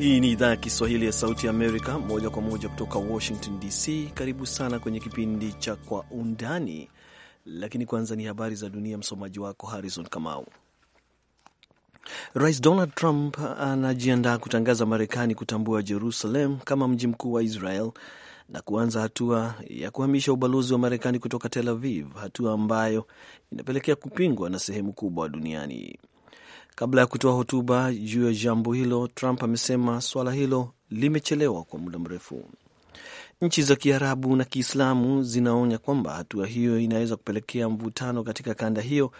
Hii ni idhaa ya Kiswahili ya Sauti Amerika, moja kwa moja kutoka Washington DC. Karibu sana kwenye kipindi cha Kwa Undani, lakini kwanza ni habari za dunia. Msomaji wako Harrison Kamau. Rais Donald Trump anajiandaa kutangaza Marekani kutambua Jerusalem kama mji mkuu wa Israel na kuanza hatua ya kuhamisha ubalozi wa Marekani kutoka Tel Aviv, hatua ambayo inapelekea kupingwa na sehemu kubwa duniani. Kabla ya kutoa hotuba juu ya jambo hilo, Trump amesema swala hilo limechelewa kwa muda mrefu. Nchi za Kiarabu na Kiislamu zinaonya kwamba hatua hiyo inaweza kupelekea mvutano katika kanda hiyo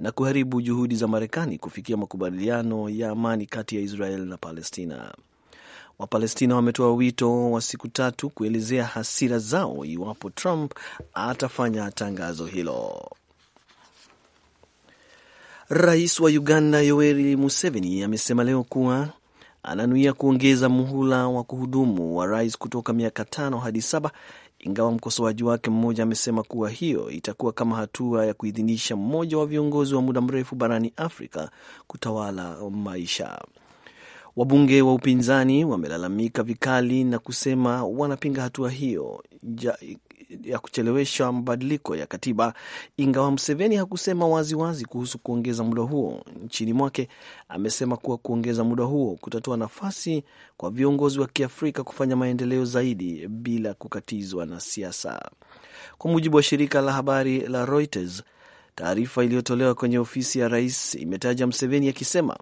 na kuharibu juhudi za Marekani kufikia makubaliano ya amani kati ya Israel na Palestina. Wapalestina wametoa wito wa siku tatu kuelezea hasira zao iwapo Trump atafanya tangazo hilo. Rais wa Uganda Yoweri Museveni amesema leo kuwa ananuia kuongeza muhula wa kuhudumu wa rais kutoka miaka tano hadi saba, ingawa mkosoaji wake mmoja amesema kuwa hiyo itakuwa kama hatua ya kuidhinisha mmoja wa viongozi wa muda mrefu barani Afrika kutawala maisha. Wabunge wa upinzani wamelalamika vikali na kusema wanapinga hatua hiyo ja, ya kuchelewesha mabadiliko ya katiba, ingawa mseveni hakusema waziwazi wazi kuhusu kuongeza muda huo nchini mwake. Amesema kuwa kuongeza muda huo kutatoa nafasi kwa viongozi wa Kiafrika kufanya maendeleo zaidi bila kukatizwa na siasa, kwa mujibu wa shirika la habari la Reuters. Taarifa iliyotolewa kwenye ofisi ya rais imetaja mseveni akisema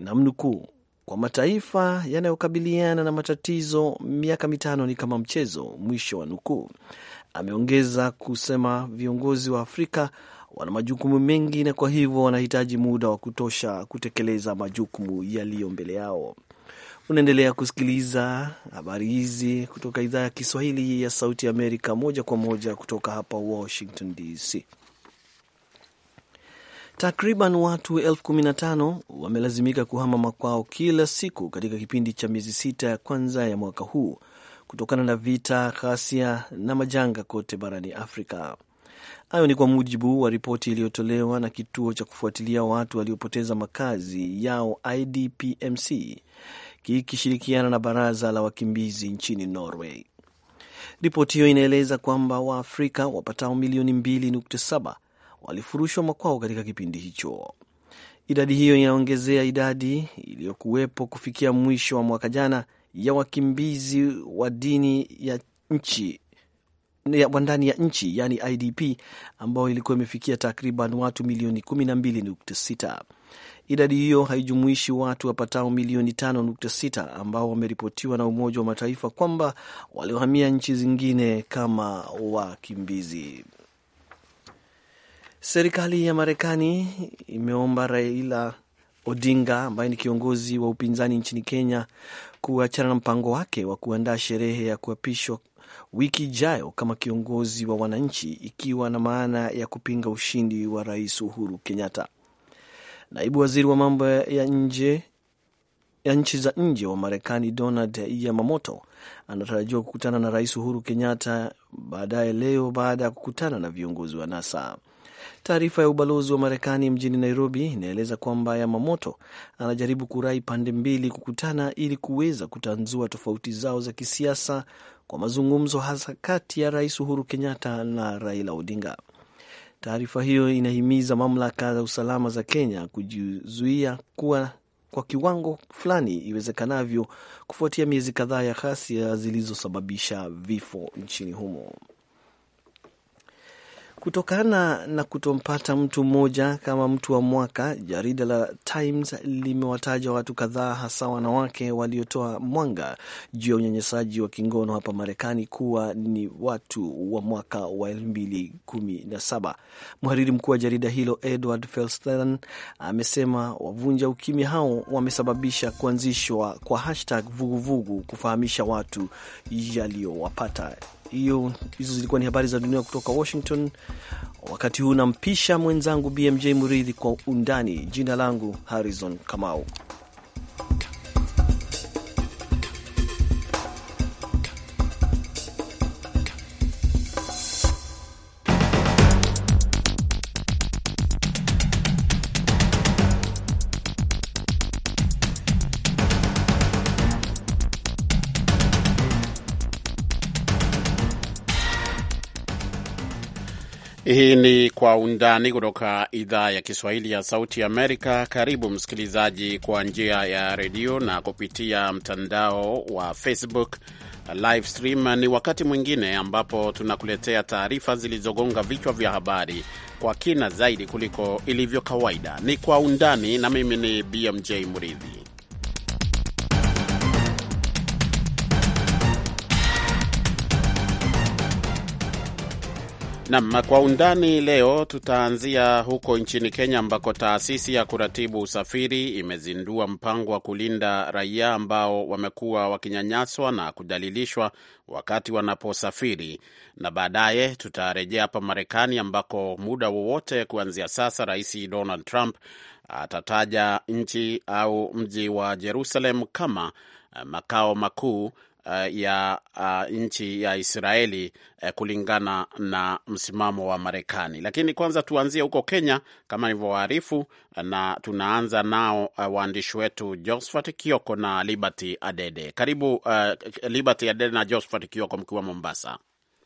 namnukuu, kwa mataifa yanayokabiliana na matatizo, miaka mitano ni kama mchezo, mwisho wa nukuu. Ameongeza kusema viongozi wa Afrika wana majukumu mengi na kwa hivyo wanahitaji muda wa kutosha kutekeleza majukumu yaliyo mbele yao. Unaendelea kusikiliza habari hizi kutoka idhaa ya Kiswahili ya Sauti ya Amerika, moja kwa moja kutoka hapa Washington DC. Takriban watu elfu kumi na tano wamelazimika kuhama makwao kila siku katika kipindi cha miezi sita ya kwanza ya mwaka huu kutokana na vita, ghasia na majanga kote barani Afrika. Hayo ni kwa mujibu wa ripoti iliyotolewa na kituo cha kufuatilia watu waliopoteza makazi yao IDPMC kikishirikiana na baraza la wakimbizi nchini Norway. Ripoti hiyo inaeleza kwamba Waafrika wapatao milioni 2.7 walifurushwa makwao katika kipindi hicho. Idadi hiyo inaongezea idadi iliyokuwepo kufikia mwisho wa mwaka jana ya wakimbizi wa dini ya nchi wa ndani ya nchi yani IDP ambayo ilikuwa imefikia takriban watu milioni 12.6. Idadi hiyo haijumuishi watu wapatao milioni 5.6 ambao wameripotiwa na Umoja wa Mataifa kwamba waliohamia nchi zingine kama wakimbizi. Serikali ya Marekani imeomba Raila Odinga ambaye ni kiongozi wa upinzani nchini Kenya kuachana na mpango wake wa kuandaa sherehe ya kuapishwa wiki ijayo kama kiongozi wa wananchi, ikiwa na maana ya kupinga ushindi wa Rais Uhuru Kenyatta. Naibu waziri wa mambo ya nje ya nchi za nje wa Marekani Donald Yamamoto anatarajiwa kukutana na Rais Uhuru Kenyatta baadaye leo baada ya kukutana na viongozi wa NASA. Taarifa ya ubalozi wa Marekani mjini Nairobi inaeleza kwamba Yamamoto anajaribu kurai pande mbili kukutana ili kuweza kutanzua tofauti zao za kisiasa kwa mazungumzo, hasa kati ya Rais Uhuru Kenyatta na Raila Odinga. Taarifa hiyo inahimiza mamlaka za usalama za Kenya kujizuia kuwa kwa kiwango fulani iwezekanavyo kufuatia miezi kadhaa ya ghasia zilizosababisha vifo nchini humo. Kutokana na kutompata mtu mmoja kama mtu wa mwaka, jarida la Times limewataja watu kadhaa, hasa wanawake waliotoa mwanga juu ya unyanyasaji wa kingono hapa Marekani kuwa ni watu wa mwaka wa 2017. Mhariri mkuu wa jarida hilo Edward Felstern amesema wavunja ukimya hao wamesababisha kuanzishwa kwa hashtag vuguvugu kufahamisha watu yaliyowapata hiyo hizo zilikuwa ni habari za dunia kutoka Washington. Wakati huu nampisha mwenzangu BMJ Muridhi kwa undani. Jina langu Harrison Kamau. Hii ni Kwa Undani kutoka idhaa ya Kiswahili ya Sauti Amerika. Karibu msikilizaji, kwa njia ya redio na kupitia mtandao wa Facebook uh, live stream. Ni wakati mwingine ambapo tunakuletea taarifa zilizogonga vichwa vya habari kwa kina zaidi kuliko ilivyo kawaida. Ni Kwa Undani na mimi ni BMJ Muridhi. Nam kwa undani leo, tutaanzia huko nchini Kenya ambako taasisi ya kuratibu usafiri imezindua mpango wa kulinda raia ambao wamekuwa wakinyanyaswa na kudhalilishwa wakati wanaposafiri, na baadaye tutarejea hapa Marekani ambako muda wowote kuanzia sasa Rais Donald Trump atataja nchi au mji wa Jerusalem kama eh, makao makuu uh, ya uh, nchi ya Israeli uh, kulingana na msimamo wa Marekani. Lakini kwanza tuanzie huko Kenya kama nilivyowaarifu, na tunaanza nao uh, waandishi wetu Josphat Kioko na Liberty Adede. Karibu uh, Liberty Adede na Josphat Kioko mkiwa Mombasa.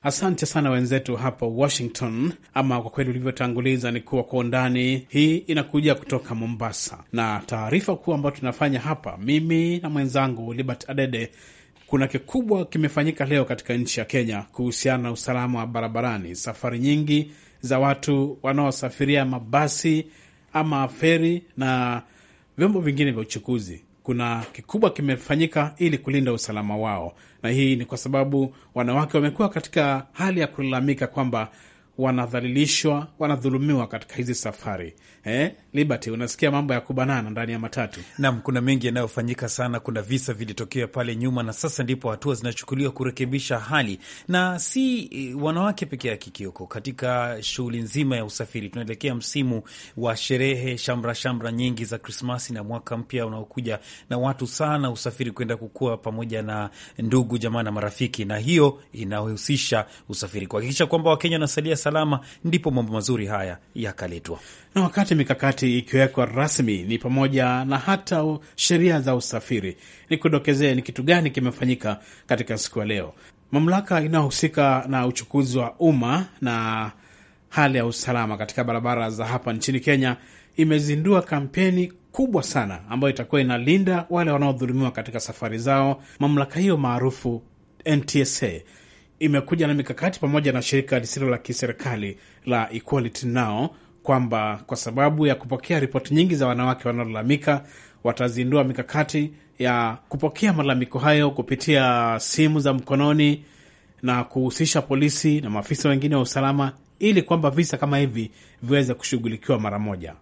Asante sana wenzetu hapo Washington. Ama kwa kweli ulivyotanguliza ni kuwa kwa undani hii inakuja kutoka Mombasa, na taarifa kuu ambayo tunafanya hapa, mimi na mwenzangu Libert Adede kuna kikubwa kimefanyika leo katika nchi ya Kenya kuhusiana na usalama wa barabarani. Safari nyingi za watu wanaosafiria mabasi ama feri na vyombo vingine vya uchukuzi, kuna kikubwa kimefanyika ili kulinda usalama wao, na hii ni kwa sababu wanawake wamekuwa katika hali ya kulalamika kwamba wanadhalilishwa, wanadhulumiwa katika hizi safari eh? Liberty, unasikia mambo ya kubanana ndani ya matatu. Naam, kuna mengi yanayofanyika sana. Kuna visa vilitokea pale nyuma, na sasa ndipo hatua zinachukuliwa kurekebisha hali, na si eh, wanawake peke yake. Kioko, katika shughuli nzima ya usafiri, tunaelekea msimu wa sherehe, shamra shamra nyingi za Krismasi na mwaka mpya unaokuja, na watu sana usafiri kwenda kukua pamoja na ndugu jamaa na marafiki, na hiyo inahusisha usafiri kuhakikisha kwamba Wakenya wanasalia salama, ndipo mambo mazuri haya yakaletwa. Na wakati mikakati ikiwekwa rasmi, ni pamoja na hata sheria za usafiri. Nikudokezee ni kitu gani kimefanyika katika siku ya leo. Mamlaka inayohusika na uchukuzi wa umma na hali ya usalama katika barabara za hapa nchini Kenya imezindua kampeni kubwa sana ambayo itakuwa inalinda wale wanaodhulumiwa katika safari zao. Mamlaka hiyo maarufu NTSA imekuja na mikakati pamoja na shirika lisilo la kiserikali la Equality Now kwamba kwa sababu ya kupokea ripoti nyingi za wanawake wanaolalamika watazindua mikakati ya kupokea malalamiko hayo kupitia simu za mkononi na kuhusisha polisi na maafisa wengine wa usalama ili kwamba visa kama hivi viweze kushughulikiwa mara moja.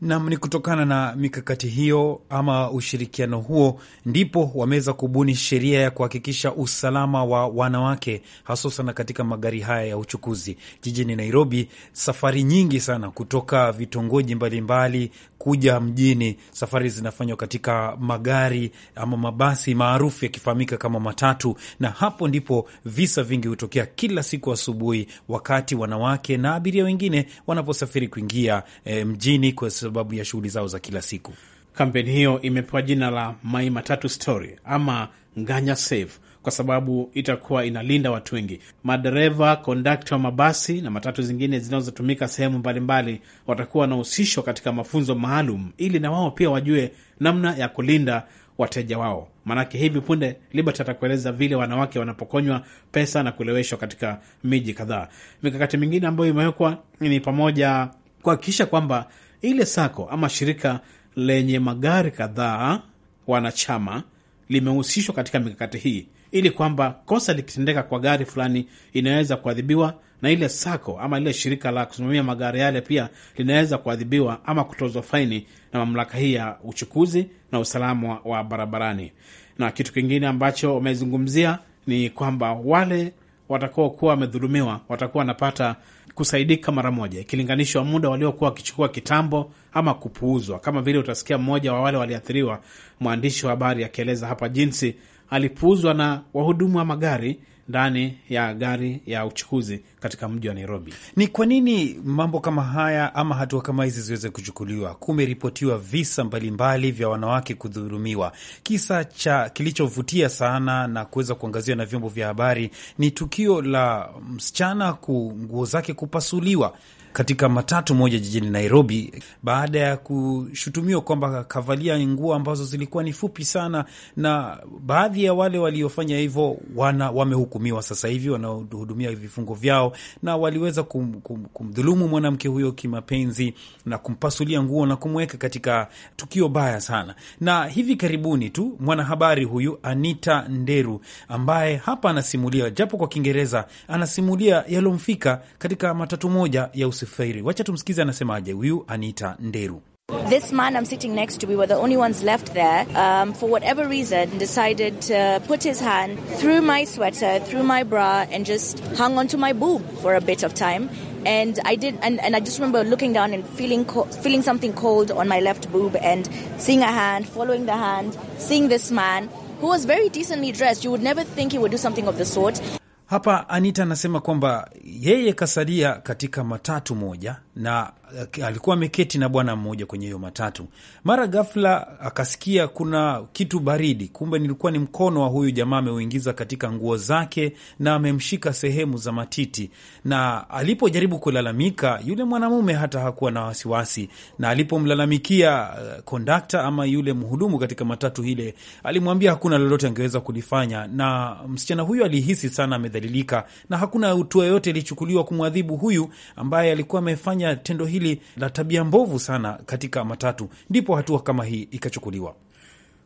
Nam, ni kutokana na mikakati hiyo ama ushirikiano huo ndipo wameweza kubuni sheria ya kuhakikisha usalama wa wanawake hasusan katika magari haya ya uchukuzi jijini Nairobi. Safari nyingi sana kutoka vitongoji mbalimbali kuja mjini, safari zinafanywa katika magari ama mabasi maarufu yakifahamika kama matatu, na hapo ndipo visa vingi hutokea kila siku asubuhi, wakati wanawake na abiria wengine wanaposafiri kuingia eh, mjini kwa sababu ya shughuli zao za kila siku. Kampeni hiyo imepewa jina la Mai Matatu Story ama Nganya Safe kwa sababu itakuwa inalinda watu wengi. Madereva, kondakta wa mabasi na matatu zingine zinazotumika sehemu mbalimbali watakuwa wanahusishwa katika mafunzo maalum, ili na wao pia wajue namna ya kulinda wateja wao. Maanake hivi punde Liberty atakueleza vile wanawake wanapokonywa pesa na kuleweshwa katika miji kadhaa. Mikakati mingine ambayo imewekwa ni pamoja kuhakikisha kwamba ile sako ama shirika lenye magari kadhaa wanachama limehusishwa katika mikakati hii, ili kwamba kosa likitendeka kwa gari fulani inaweza kuadhibiwa na ile sako ama lile shirika la kusimamia magari yale pia linaweza kuadhibiwa ama kutozwa faini na mamlaka hii ya uchukuzi na usalama wa barabarani. Na kitu kingine ambacho wamezungumzia ni kwamba wale watakuwa kuwa wamedhulumiwa watakuwa wanapata kusaidika mara moja ikilinganishwa muda waliokuwa wakichukua kitambo ama kupuuzwa. Kama vile utasikia mmoja wa wale waliathiriwa, mwandishi wa habari akieleza hapa jinsi alipuuzwa na wahudumu wa magari ndani ya gari ya uchukuzi katika mji wa Nairobi. Ni kwa nini mambo kama haya ama hatua kama hizi ziweze kuchukuliwa? Kumeripotiwa visa mbalimbali vya wanawake kudhulumiwa. Kisa cha kilichovutia sana na kuweza kuangaziwa na vyombo vya habari ni tukio la msichana nguo zake kupasuliwa katika matatu moja jijini Nairobi baada ya kushutumiwa kwamba kavalia nguo ambazo zilikuwa ni fupi sana, na baadhi ya wale waliofanya hivyo wana wamehukumiwa sasa hivi, wanahudumia vifungo vyao, na waliweza kum, kum, kumdhulumu mwanamke huyo kimapenzi na kumpasulia nguo na kumweka katika tukio baya sana. Na hivi karibuni tu mwanahabari huyu Anita Nderu ambaye hapa anasimulia japo kwa Kiingereza, anasimulia yaliomfika katika matatu moja ya usiku Wacha tumsikize anasemaje huyu Anita Nderu. This man I'm sitting next to, we were the only ones left there, um, for whatever reason, decided to put his hand through my sweater, through my bra, and just hung onto my boob for a bit of time. And I did, and, and I just remember looking down and feeling feeling something cold on my left boob, and seeing a hand, following the hand, seeing this man who was very decently dressed. You would never think he would do something of the sort. Hapa Anita anasema kwamba yeye kasalia katika matatu moja na eh, alikuwa ameketi na bwana mmoja kwenye hiyo matatu. Mara ghafla akasikia kuna kitu baridi, kumbe nilikuwa ni mkono wa huyu jamaa ameuingiza katika nguo zake na amemshika sehemu za matiti. Na alipojaribu kulalamika, yule mwanamume hata hakuwa na wasiwasi, na alipomlalamikia eh, kondakta ama yule mhudumu katika matatu ile, alimwambia hakuna lolote angeweza kulifanya, na msichana huyu alihisi sana amedhalilika, na hakuna hatua yoyote ilichukuliwa kumwadhibu huyu ambaye alikuwa amefanya kufanya tendo hili la tabia mbovu sana katika matatu, ndipo hatua kama hii ikachukuliwa.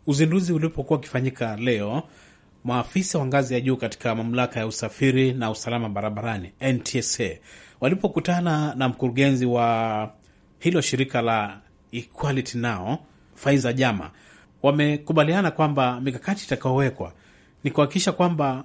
Uzinduzi ulipokuwa ukifanyika leo, maafisa wa ngazi ya juu katika mamlaka ya usafiri na usalama barabarani NTSA walipokutana na mkurugenzi wa hilo shirika la Equality Now Faiza Jama, wamekubaliana kwamba mikakati itakaowekwa ni kuhakikisha kwamba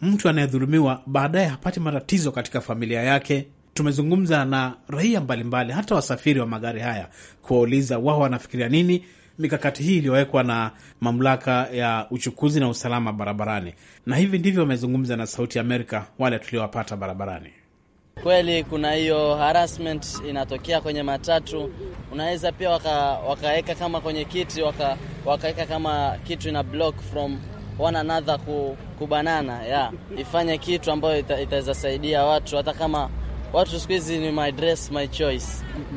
mtu anayedhulumiwa baadaye hapati matatizo katika familia yake tumezungumza na raia mbalimbali, hata wasafiri wa magari haya, kuwauliza wao wanafikiria nini mikakati hii iliyowekwa na mamlaka ya uchukuzi na usalama barabarani, na hivi ndivyo wamezungumza na Sauti Amerika wale tuliowapata barabarani. Kweli kuna hiyo harassment inatokea kwenye matatu. Unaweza pia wakaweka waka kama kwenye kiti wakaweka waka kama kitu ina block from one another ku, kubanana yeah. Ifanye kitu ambayo itaweza saidia watu hata kama watu siku hizi ni my dress my choice,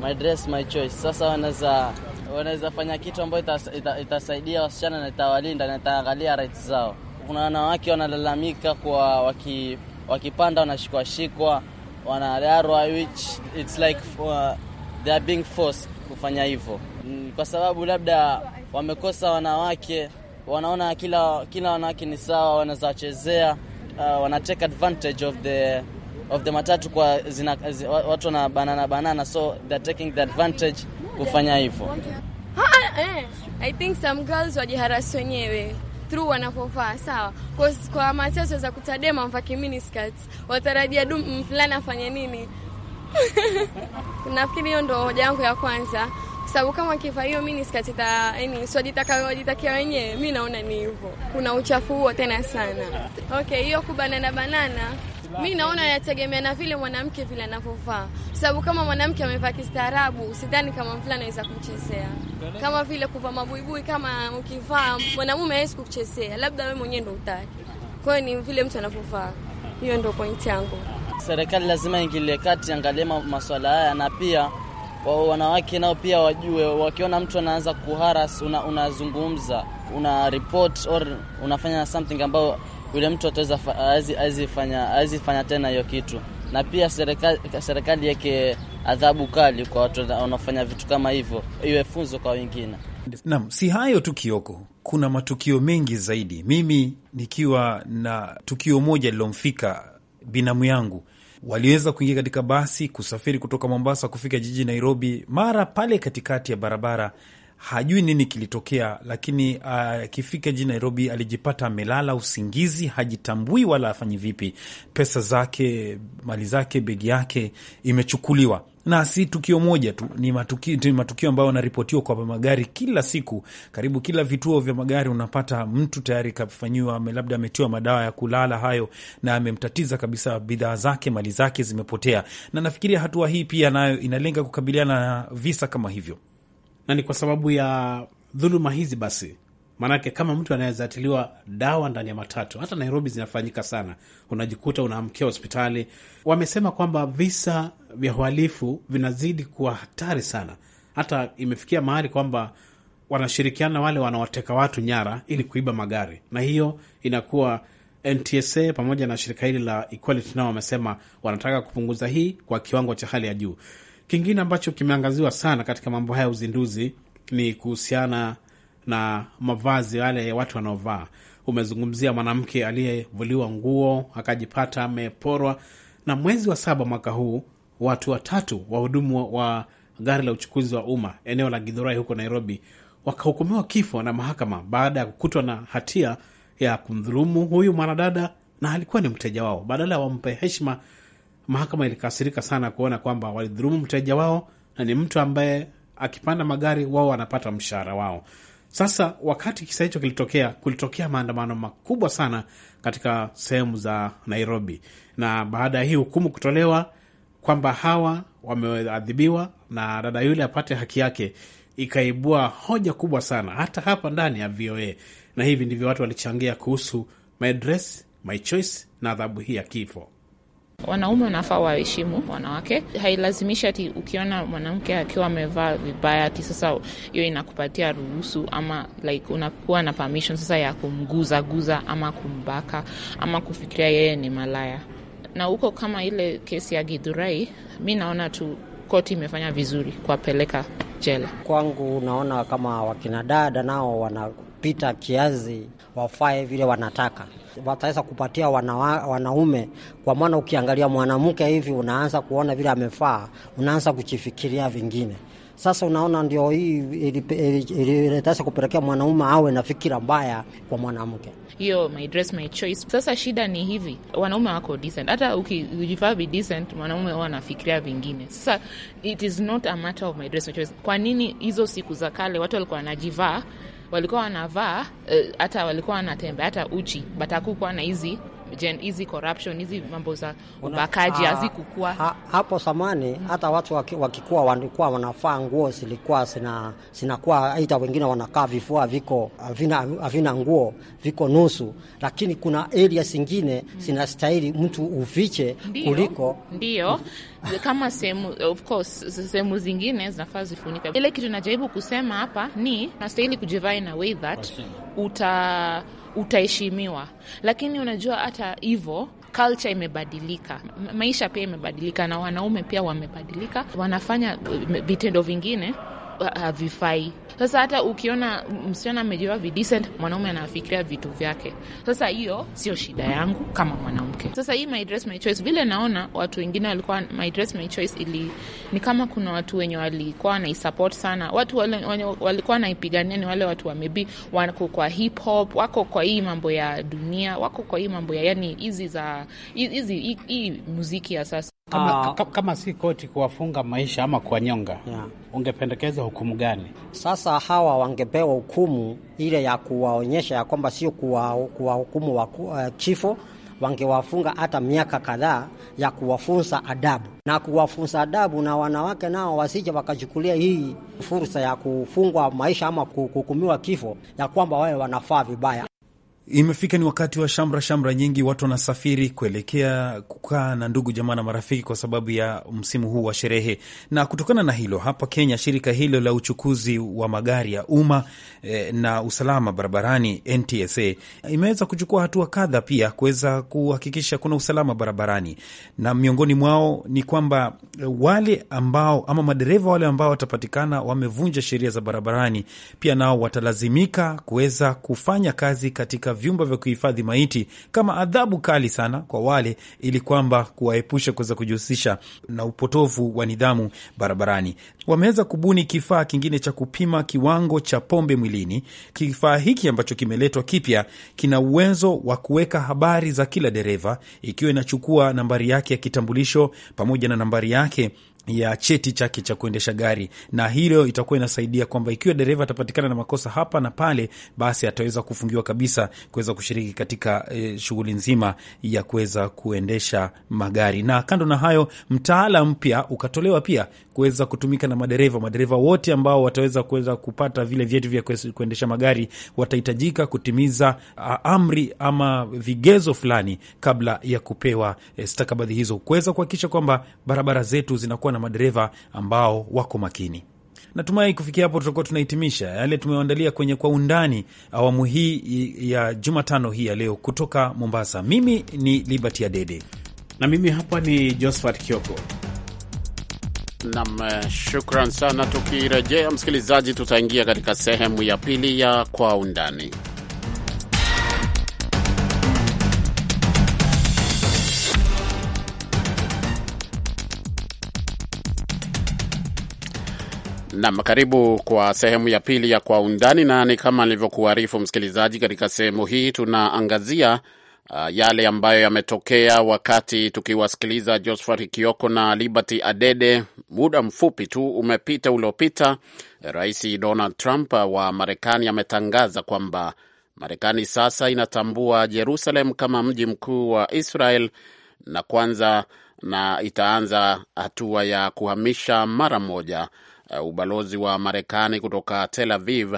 my dress my choice. Sasa wanaweza wanaweza fanya kitu ambayo itasaidia ita, ita wasichana na itawalinda na itaangalia rights zao. Kuna wanawake wanalalamika kwa waki, wakipanda wanashikwa shikwa wanararwa, which it's like for, uh, they are being forced kufanya hivyo mm, kwa sababu labda wamekosa wanawake, wanaona kila kila wanawake ni sawa, wanaweza wachezea, uh, wana take advantage of the of the matatu kwa zina, zi, watu wana banana banana, so they're taking the advantage kufanya hivyo. Eh, I think some girls wajiharasi wenyewe through wanapovaa sawa. Kwa, kwa matatu za kutadema mvaki mini skirts watarajia dum mm, fulani afanye nini? Nafikiri hiyo ndo hoja yangu ya kwanza, kwa sababu kama kivaa hiyo mini skirts ita yani siwajitaka wajitakia wenyewe, mi naona ni hivyo. Kuna uchafu huo tena sana. Okay, hiyo kubanana banana mi naona yategemea na vile mwanamke vile anavyovaa, sababu kama mwanamke amevaa kistaarabu, sidhani kama mvula anaweza kumchezea kama vile kuvaa mabuibui. Kama ukivaa mwanamume hawezi kukuchezea, labda wewe mwenyewe ndo utaki. Kwa hiyo ni vile mtu anavyovaa, hiyo ndo point yangu. Serikali lazima ingilie kati, angalie maswala haya, na pia wanawake nao pia wajue, wakiona mtu anaanza kuharas, unazungumza una, una report or unafanya something ambayo yule mtu ataweza azifanya azi tena hiyo kitu, na pia serikali serikali yake adhabu kali kwa watu wanaofanya vitu kama hivyo, iwe funzo kwa wengine. Naam, si hayo tu Kioko, kuna matukio mengi zaidi. Mimi nikiwa na tukio moja lilomfika binamu yangu waliweza kuingia katika basi kusafiri kutoka Mombasa kufika jiji Nairobi. Mara pale katikati ya barabara hajui nini kilitokea, lakini akifika uh, jijini Nairobi alijipata amelala usingizi, hajitambui wala afanyi vipi. Pesa zake, mali zake, begi yake imechukuliwa na si tukio moja tu, ni matukio, ni matukio ambayo wanaripotiwa kwa magari kila siku. Karibu kila vituo vya magari unapata mtu tayari kafanyiwa, labda ametiwa madawa ya kulala hayo, na amemtatiza kabisa, bidhaa zake, mali zake zimepotea. Na nafikiria hatua hii pia nayo inalenga kukabiliana na visa kama hivyo na ni kwa sababu ya dhuluma hizi basi Maanake kama mtu anaweza atiliwa dawa ndani ya matatu, hata Nairobi zinafanyika sana, unajikuta unaamkia hospitali. Wamesema kwamba visa vya uhalifu vinazidi kuwa hatari sana, hata imefikia mahali kwamba wanashirikiana wale wanawateka watu nyara ili kuiba magari, na hiyo inakuwa NTSA pamoja na shirika hili la Equality nao wamesema wanataka kupunguza hii kwa kiwango cha hali ya juu. Kingine ambacho kimeangaziwa sana katika mambo haya ya uzinduzi ni kuhusiana na mavazi yale ya watu wanaovaa. Umezungumzia mwanamke aliyevuliwa nguo akajipata ameporwa. Na mwezi wa saba mwaka huu watu watatu wahudumu wa gari la uchukuzi wa umma eneo la Githurai huko Nairobi wakahukumiwa kifo na mahakama baada ya kukutwa na hatia ya kumdhulumu huyu mwanadada, na alikuwa ni mteja wao. Badala ya wampe heshima mahakama ilikasirika sana kuona kwamba walidhulumu mteja wao, na ni mtu ambaye akipanda magari wao wanapata mshahara wao. Sasa wakati kisa hicho kilitokea, kulitokea maandamano makubwa sana katika sehemu za Nairobi, na baada ya hii hukumu kutolewa kwamba hawa wameadhibiwa na dada yule apate haki yake, ikaibua hoja kubwa sana hata hapa ndani ya VOA, na hivi ndivyo watu walichangia kuhusu my dress, my choice na adhabu hii ya kifo. Wanaume wanafaa waheshimu wanawake, hailazimishi ati ukiona mwanamke akiwa amevaa vibaya ati sasa hiyo inakupatia ruhusu ama like unakuwa na permission sasa ya kumguzaguza ama kumbaka ama kufikiria yeye ni malaya. Na huko kama ile kesi ya Githurai, mi naona tu koti imefanya vizuri kuwapeleka jela. Kwangu naona kama wakinadada nao wana kupita kiasi, wafae vile wanataka, wataweza kupatia wanawa, wanaume. Kwa maana ukiangalia mwanamke hivi unaanza kuona vile amefaa, unaanza kuchifikiria vingine sasa unaona ndio hii ilitaweza kupelekea mwanaume awe na fikira mbaya kwa mwanamke. Hiyo my dress my choice. Sasa shida ni hivi, wanaume wako decent, hata ukijivaa be decent, mwanaume huwa anafikiria vingine. Sasa it is not a matter of my dress my choice. Kwa nini hizo siku za kale watu walikuwa wanajivaa walikuwa wanavaa eh, hata, uh, walikuwa wanatembea hata uchi, kuwa na hizi gen hizi corruption hizi mambo za ubakaji ah, hazikukua ha, hapo samani hmm. Hata watu wakikuwa walikuwa wanafaa nguo zilikuwa zina zinakuwa aita wengine wanakaa vifua viko havina nguo viko nusu, lakini kuna area zingine hmm. zinastahili hmm. mtu ufiche kuliko ndio kama sehemu of course, sehemu zingine zinafaa zifunika. Ile kitu najaribu kusema hapa ni nastahili kujivai na way that uta utaheshimiwa. Lakini unajua hata hivyo culture imebadilika, maisha pia imebadilika, na wanaume pia wamebadilika, wanafanya eh, vitendo vingine Uh, havifai. Sasa hata ukiona msichana amejiwa videcent, mwanaume anafikiria vitu vyake. Sasa hiyo sio shida yangu kama mwanamke. Sasa hii my dress my choice, vile naona watu wengine walikuwa my dress my choice ili ni kama kuna watu wenye walikuwa wanaisupport sana, watu wale walikuwa wanaipigania ni wale watu wamebi wako kwa hip hop, wako kwa hii mambo ya dunia, wako kwa hii mambo ya yani hizi za hizi hii muziki ya sasa kama, ah. kama si koti kuwafunga maisha ama kuwanyonga yeah. Ungependekeza hukumu gani? Sasa hawa wangepewa hukumu ile ya kuwaonyesha ya kwamba sio kuwahukumu kuwa wa uh, kifo wangewafunga hata miaka kadhaa ya kuwafunza adabu na kuwafunza adabu, na wanawake nao wasije wakachukulia hii fursa ya kufungwa maisha ama kuhukumiwa kifo ya kwamba wawe wanafaa vibaya. Imefika ni wakati wa shamra shamra nyingi, watu wanasafiri kuelekea kukaa na ndugu jamaa na marafiki kwa sababu ya msimu huu wa sherehe. Na kutokana na hilo, hapa Kenya shirika hilo la uchukuzi wa magari ya umma eh, na usalama barabarani NTSA imeweza kuchukua hatua kadha pia kuweza kuhakikisha kuna usalama barabarani, na miongoni mwao ni kwamba wale ambao ama madereva wale ambao watapatikana wamevunja sheria za barabarani, pia nao watalazimika kuweza kufanya kazi katika vyumba vya kuhifadhi maiti kama adhabu kali sana kwa wale, ili kwamba kuwaepusha kuweza kujihusisha na upotovu wa nidhamu barabarani. Wameweza kubuni kifaa kingine cha kupima kiwango cha pombe mwilini. Kifaa hiki ambacho kimeletwa kipya kina uwezo wa kuweka habari za kila dereva, ikiwa inachukua nambari yake ya kitambulisho pamoja na nambari yake ya cheti chake cha kuendesha gari, na hilo itakuwa inasaidia kwamba ikiwa dereva atapatikana na makosa hapa na pale, basi ataweza kufungiwa kabisa kuweza kushiriki katika e, shughuli nzima ya kuweza kuendesha magari. Na kando na hayo, mtaala mpya ukatolewa pia kuweza kutumika na madereva. Madereva wote ambao wataweza kuweza kupata vile vyeti vya kuendesha magari watahitajika kutimiza amri ama vigezo fulani kabla ya kupewa e, stakabadhi hizo, kuweza kuhakikisha kwamba barabara zetu zinakuwa na madereva ambao wako makini. Natumai kufikia hapo tutakuwa tunahitimisha yale tumewandalia kwenye Kwa Undani awamu hii ya Jumatano hii ya leo, kutoka Mombasa. Mimi ni Liberty Adede na mimi hapa ni Josephat Kioko. Nam, eh, shukran sana. Tukirejea msikilizaji, tutaingia katika sehemu ya pili ya kwa undani. Nam, karibu kwa sehemu ya pili ya kwa undani, na ni kama nilivyokuarifu msikilizaji, katika sehemu hii tunaangazia uh, yale ambayo yametokea wakati tukiwasikiliza Josphat Kioko na Liberty Adede. Muda mfupi tu umepita uliopita, Rais Donald Trump wa Marekani ametangaza kwamba Marekani sasa inatambua Jerusalem kama mji mkuu wa Israel na kwanza na itaanza hatua ya kuhamisha mara moja uh, ubalozi wa Marekani kutoka Tel Aviv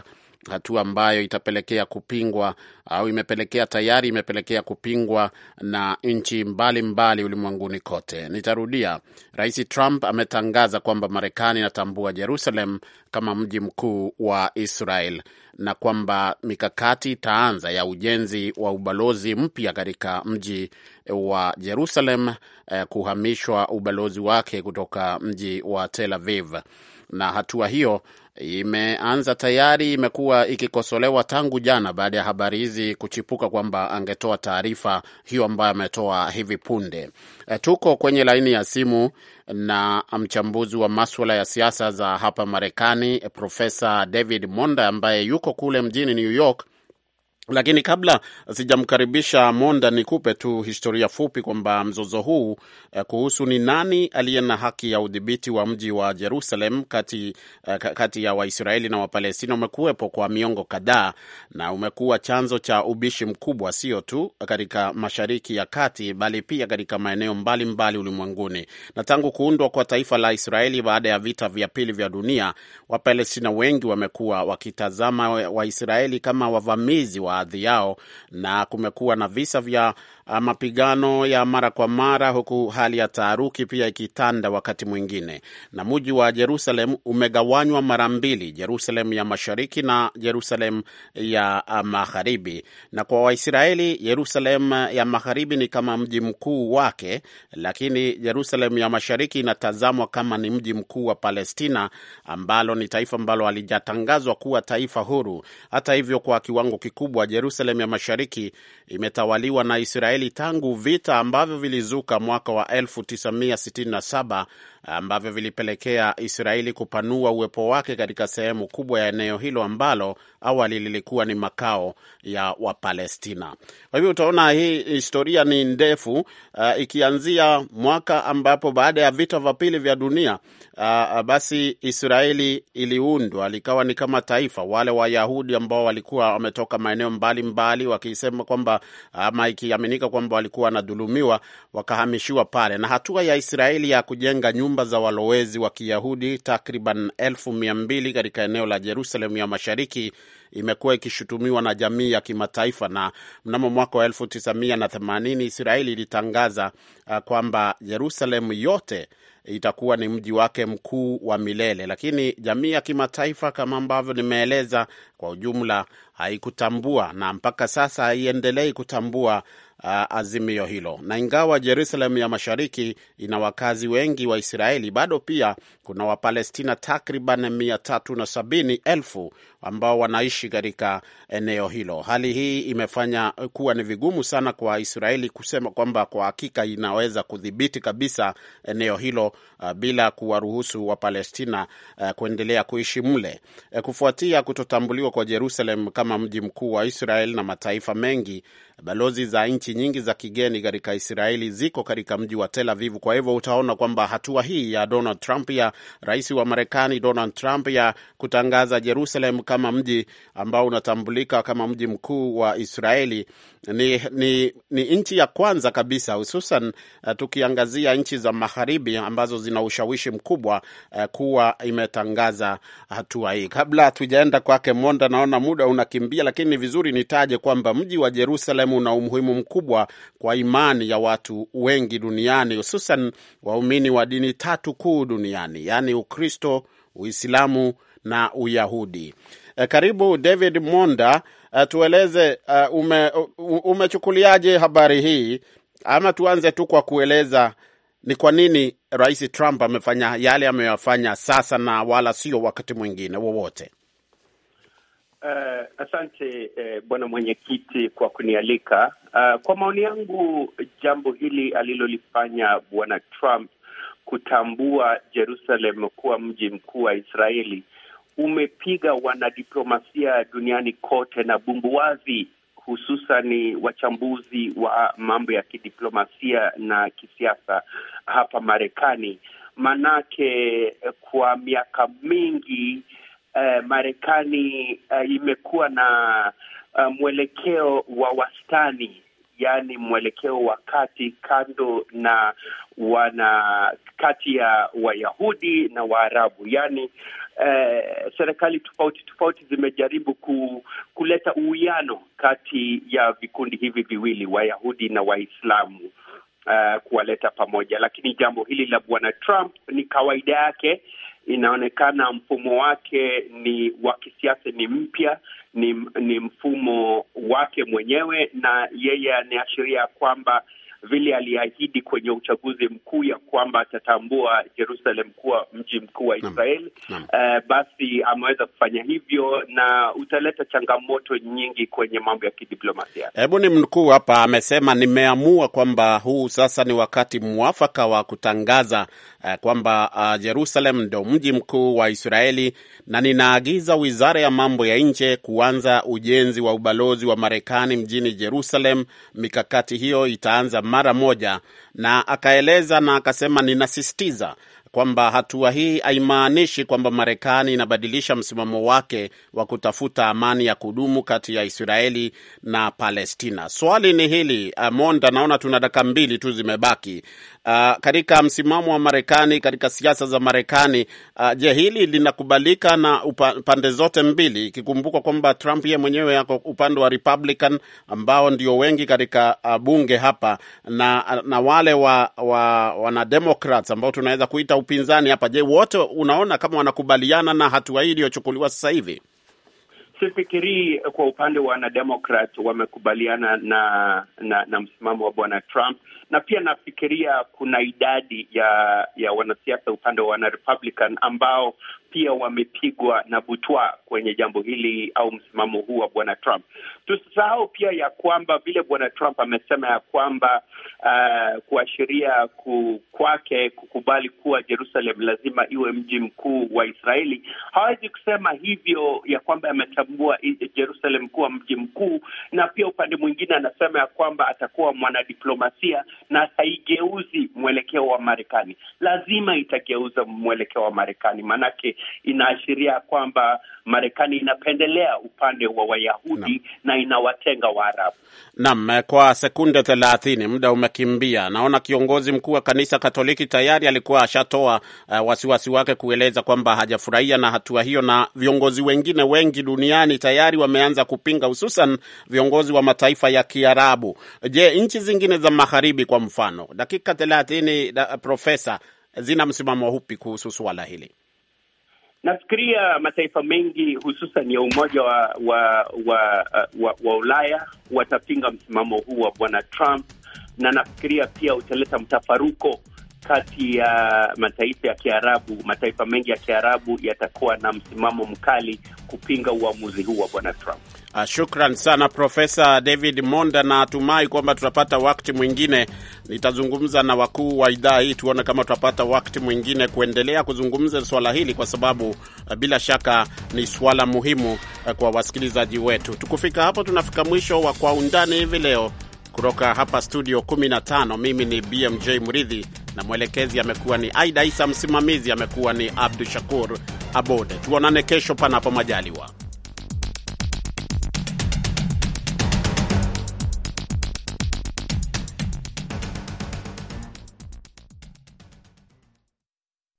hatua ambayo itapelekea kupingwa au imepelekea tayari imepelekea kupingwa na nchi mbalimbali ulimwenguni kote. Nitarudia, Rais Trump ametangaza kwamba Marekani inatambua Jerusalem kama mji mkuu wa Israel na kwamba mikakati itaanza ya ujenzi wa ubalozi mpya katika mji wa Jerusalem, eh, kuhamishwa ubalozi wake kutoka mji wa Tel Aviv na hatua hiyo imeanza tayari, imekuwa ikikosolewa tangu jana baada ya habari hizi kuchipuka kwamba angetoa taarifa hiyo ambayo ametoa hivi punde. Eh, tuko kwenye laini ya simu na mchambuzi wa maswala ya siasa za hapa Marekani, Profesa David Monda ambaye yuko kule mjini New York lakini kabla sijamkaribisha Monda, nikupe tu historia fupi kwamba mzozo huu eh, kuhusu ni nani aliye na haki ya udhibiti wa mji wa Jerusalem kati, eh, kati ya Waisraeli na Wapalestina umekuwepo kwa miongo kadhaa na umekuwa chanzo cha ubishi mkubwa, sio tu katika Mashariki ya Kati bali pia katika maeneo mbalimbali ulimwenguni. Na tangu kuundwa kwa taifa la Israeli baada ya vita vya pili vya dunia, Wapalestina wengi wamekuwa wakitazama Waisraeli kama wavamizi wa baadhi yao, na kumekuwa na visa vya Ah, mapigano ya mara kwa mara, huku hali ya taharuki pia ikitanda wakati mwingine. Na mji wa Jerusalem umegawanywa mara mbili, Jerusalem ya mashariki na Jerusalem ya ah, magharibi. Na kwa Waisraeli, Jerusalem ah, ya magharibi ni kama mji mkuu wake, lakini Jerusalem ya mashariki inatazamwa kama ni mji mkuu wa Palestina, ambalo ni taifa ambalo halijatangazwa kuwa taifa huru. Hata hivyo, kwa kiwango kikubwa Jerusalem ya mashariki imetawaliwa na Israeli Israeli tangu vita ambavyo vilizuka mwaka wa 1967 ambavyo vilipelekea Israeli kupanua uwepo wake katika sehemu kubwa ya eneo hilo ambalo awali lilikuwa ni makao ya Wapalestina. Kwa hivyo utaona hii historia ni ndefu, uh, ikianzia mwaka ambapo baada ya vita vya pili vya dunia, uh, uh basi Israeli iliundwa likawa ni kama taifa, wale Wayahudi ambao walikuwa wametoka maeneo mbalimbali wakisema kwamba uh, ama ikiaminika kwamba walikuwa wanadhulumiwa wakahamishiwa pale, na hatua ya Israeli ya kujenga nyumba nyumba za walowezi wa Kiyahudi takriban elfu mia mbili katika eneo la Jerusalemu ya Mashariki imekuwa ikishutumiwa na jamii ya kimataifa, na mnamo mwaka wa 1980 Israeli ilitangaza uh, kwamba Jerusalemu yote itakuwa ni mji wake mkuu wa milele, lakini jamii ya kimataifa kama ambavyo nimeeleza, kwa ujumla haikutambua na mpaka sasa haiendelei kutambua azimio hilo. Na ingawa Jerusalem ya mashariki ina wakazi wengi wa Israeli, bado pia kuna Wapalestina takriban mia tatu na sabini elfu ambao wanaishi katika eneo hilo. Hali hii imefanya kuwa ni vigumu sana kwa Israeli kusema kwamba kwa hakika inaweza kudhibiti kabisa eneo hilo uh, bila kuwaruhusu Wapalestina uh, kuendelea kuishi mle uh, kufuatia kutotambuliwa kwa Jerusalem kama mji mkuu wa Israel na mataifa mengi Balozi za nchi nyingi za kigeni katika Israeli ziko katika mji wa Tel Avivu. Kwa hivyo utaona kwamba hatua hii ya Donald Trump ya rais wa Marekani Donald Trump ya kutangaza Jerusalem kama mji ambao unatambulika kama mji mkuu wa Israeli ni, ni, ni nchi ya kwanza kabisa, hususan uh, tukiangazia nchi za magharibi ambazo zina ushawishi mkubwa uh, kuwa imetangaza hatua hii. Kabla hatujaenda kwake Monda, naona muda unakimbia, lakini ni vizuri nitaje kwamba mji wa Jerusalem sehemu na umuhimu mkubwa kwa imani ya watu wengi duniani, hususan waumini wa dini tatu kuu duniani, yaani Ukristo, Uislamu na Uyahudi. Eh, karibu David Monda, eh, tueleze eh, ume, umechukuliaje habari hii, ama tuanze tu kwa kueleza ni kwa nini Rais Trump amefanya yale ameyafanya sasa na wala sio wakati mwingine wowote? Uh, asante uh, bwana mwenyekiti kwa kunialika. Uh, kwa maoni yangu jambo hili alilolifanya bwana Trump kutambua Jerusalem kuwa mji mkuu wa Israeli umepiga wanadiplomasia duniani kote na bumbuwazi, hususan wachambuzi wa mambo ya kidiplomasia na kisiasa hapa Marekani, manake kwa miaka mingi eh, Marekani eh, imekuwa na eh, mwelekeo wa wastani, yaani mwelekeo wa kati, kando na wana kati ya Wayahudi na Waarabu, yaani eh, serikali tofauti tofauti zimejaribu ku, kuleta uwiano kati ya vikundi hivi viwili, Wayahudi na Waislamu. Uh, kuwaleta pamoja, lakini jambo hili la Bwana Trump ni kawaida yake inaonekana mfumo wake ni wa kisiasa, ni mpya, ni, ni mfumo wake mwenyewe, na yeye anaashiria kwamba vile aliahidi kwenye uchaguzi mkuu ya kwamba atatambua Jerusalem kuwa mji mkuu wa Israel nam, nam. Uh, eh, basi ameweza kufanya hivyo na utaleta changamoto nyingi kwenye mambo ya kidiplomasia. Hebu ni mkuu hapa amesema, nimeamua kwamba huu sasa ni wakati mwafaka wa kutangaza uh, kwamba uh, Jerusalem ndio mji mkuu wa Israeli na ninaagiza wizara ya mambo ya nje kuanza ujenzi wa ubalozi wa Marekani mjini Jerusalem. Mikakati hiyo itaanza mara moja, na akaeleza na akasema, ninasisitiza kwamba hatua hii haimaanishi kwamba Marekani inabadilisha msimamo wake wa kutafuta amani ya kudumu kati ya Israeli na Palestina. Swali ni hili, Monda, naona tuna dakika mbili tu zimebaki uh, katika msimamo wa Marekani katika siasa za Marekani. Uh, je, hili linakubalika na upa, pande zote mbili, ikikumbuka kwamba Trump yeye mwenyewe yako upande wa Republican ambao ndio wengi katika uh, bunge hapa na, na wale wa, wa ambao tunaweza kuita upinzani hapa. Je, wote unaona kama wanakubaliana na hatua hii iliyochukuliwa sasa hivi? Sifikirii kwa upande wa wanademokrat wamekubaliana na na, na msimamo wa bwana Trump na pia nafikiria kuna idadi ya ya wanasiasa upande wa wanarepublican ambao pia wamepigwa na butwa kwenye jambo hili au msimamo huu wa bwana Trump. Tusisahau pia ya kwamba vile bwana Trump amesema ya kwamba uh, kuashiria ku, kwake kukubali kuwa Jerusalem lazima iwe mji mkuu wa Israeli, hawezi kusema hivyo ya kwamba ametambua Jerusalem kuwa mji mkuu, na pia upande mwingine anasema ya kwamba atakuwa mwanadiplomasia na haigeuzi mwelekeo wa Marekani. Lazima itageuza mwelekeo wa Marekani, maanake inaashiria kwamba Marekani inapendelea upande wa Wayahudi na, na inawatenga Waarabu. Naam, eh, kwa sekunde thelathini, muda umekimbia. Naona kiongozi mkuu wa kanisa Katoliki tayari alikuwa ashatoa uh, wasiwasi wake kueleza kwamba hajafurahia na hatua hiyo, na viongozi wengine wengi duniani tayari wameanza kupinga, hususan viongozi wa mataifa ya Kiarabu. Je, nchi zingine za magharibi kwa mfano, dakika thelathini, da, Profesa, zina msimamo upi kuhusu suala hili? Nafikiria mataifa mengi hususan ya Umoja wa wa wa, wa, wa Ulaya watapinga msimamo huu wa Bwana Trump, na nafikiria pia utaleta mtafaruko kati ya mataifa ya Kiarabu. Mataifa mengi ya Kiarabu yatakuwa na msimamo mkali kupinga uamuzi huu wa Bwana Trump. Uh, shukran sana Profesa David Monda, na natumai kwamba tutapata wakati mwingine. Nitazungumza na wakuu wa idhaa hii tuone kama tutapata wakati mwingine kuendelea kuzungumza swala hili, kwa sababu uh, bila shaka ni swala muhimu uh, kwa wasikilizaji wetu. Tukufika hapo, tunafika mwisho wa Kwa Undani hivi leo kutoka hapa studio 15. Mimi ni BMJ Mridhi na mwelekezi amekuwa ni Aida Isa, msimamizi amekuwa ni Abdu Shakur Abode. Tuonane kesho, panapo majaliwa.